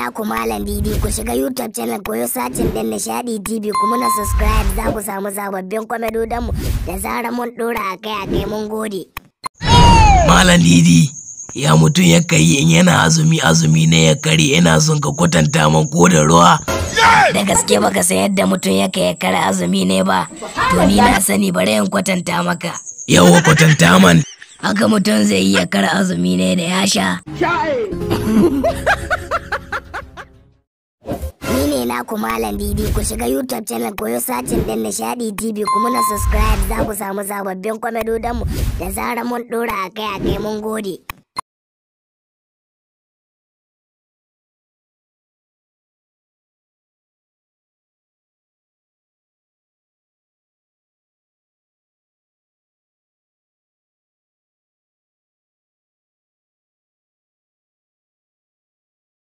naku Malam Didi ku shiga YouTube channel koyo sacin din Nishadi TV ku muna subscribe za ku samu sababbin kwamedodanmu da zarar mun dora a akai mun gode. Malam Didi ya mutum ya kai in yana azumi azumi ne ya kare ina son ka kwatanta man ko da ruwa. Da gaske baka san yadda mutum ya kai ya kare azumi ne ba to ni na sani bari in kwatanta maka. Yawa kwatanta man. Haka mutum zai iya kare azumi ne da yasha. sha. ku Malam Didi ku shiga YouTube channel koyo sacin din Nishadi TV kuma na subscribe za ku samu sababbin mu da zarar mun dora akai-akai mun gode.